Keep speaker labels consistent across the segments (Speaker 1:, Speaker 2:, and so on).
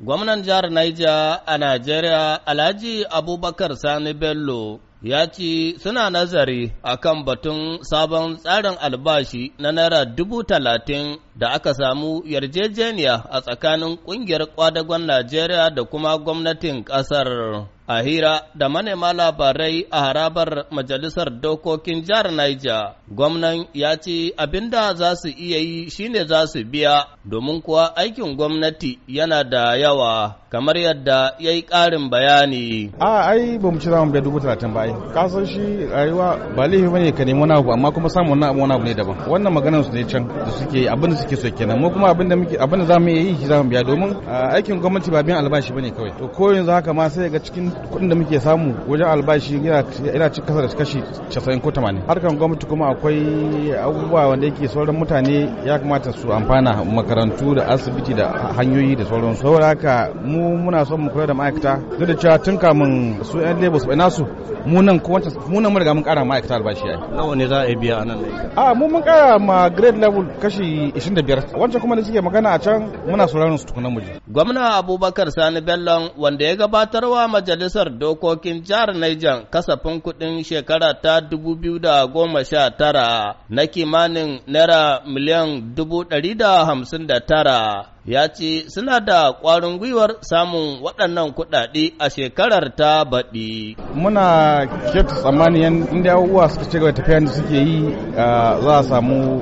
Speaker 1: Gwamnan jihar Niger a Najeriya Alhaji Abubakar Sani Bello ya ce suna nazari a kan batun sabon tsarin albashi na naira dubu talatin da aka samu yarjejeniya a tsakanin ƙungiyar kwadagon Najeriya da kuma gwamnatin ƙasar. a hira da manema labarai a harabar majalisar dokokin jihar Niger, gwamnan ya ce abin da za su iya yi shine za su biya, domin kuwa aikin gwamnati yana da yawa. kamar yadda ya yi ƙarin bayani.
Speaker 2: A ai ba mu ci za mu biya dubu talatin ba ai. Ka san shi rayuwa ba laifi ne ka nemi wani abu amma kuma samun wani abu wani abu ne daban. Wannan maganar su ne can da suke abin da suke so kenan mu kuma abin da muke abin da za mu yi shi za mu biya domin aikin gwamnati ba biyan albashi bane kawai. To ko yanzu haka ma sai ga cikin kuɗin da muke samu wajen albashi yana cikin kasa da kashi 90 ko 80. Harkan gwamnati kuma akwai abubuwa wanda yake sauran mutane ya kamata su amfana makarantu da asibiti da hanyoyi da sauransu. Saboda haka mu mu muna son mu kula da ma'aikata duk da cewa tun kamun su yan labor su nasu mu nan ko wancan mu nan mun riga mun kara ma'aikata albashi ai nawa ne za a biya a nan a mu mun kara ma grade level kashi 25 wancan kuma da suke magana a can muna sauraron su tukunan mu
Speaker 1: gwamna Abubakar Sani Bello wanda ya gabatarwa majalisar dokokin jihar Niger kasafin kuɗin shekara ta 2019 na kimanin naira miliyan 159 ya ce suna da ƙwarin gwiwar samun waɗannan kuɗaɗe a shekarar ta baɗi. Muna
Speaker 2: kyautu tsammani inda uwa suka ci gaba tafiya da suke yi za a samu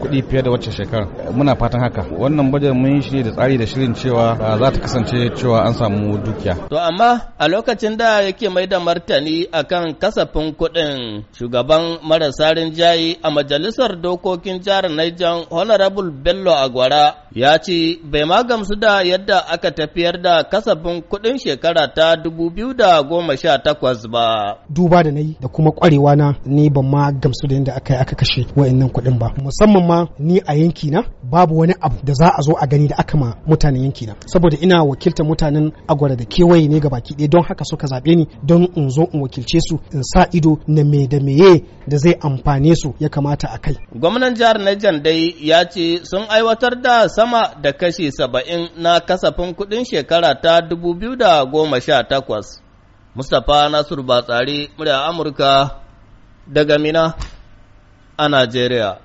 Speaker 2: kuɗi fiye da wacce shekara muna fatan haka wannan bajar mun yi shi da tsari da shirin cewa za ta kasance cewa an samu dukiya
Speaker 1: to amma a lokacin da yake mai da martani akan kasafin kuɗin shugaban marasa rinjaye a majalisar dokokin jihar Niger Honorable Bello Agwara ya ce bai ma gamsu da yadda aka tafiyar da kasafin kuɗin shekara ta 2018 ba.
Speaker 3: Duba da na da kuma ƙwarewa na ni ban ma gamsu da yadda aka yi aka kashe wa'annan kuɗin ba musamman ma ni a yanki na babu wani abu da za a zo a gani da aka ma mutanen yanki na saboda ina wakilta mutanen agwara da kewaye ne ga baki ɗaya don haka suka zaɓe ni don in zo in wakilce su in sa ido na me da meye da zai amfane su ya kamata a kai
Speaker 1: gwamnan jihar Niger dai ya ce sun aiwatar da sama da kashi saba'in na kasafin kuɗin shekara ta dubu biyu da goma sha takwas Mustapha Nasiru Batsari, murya Amurka daga Mina. a Najeriya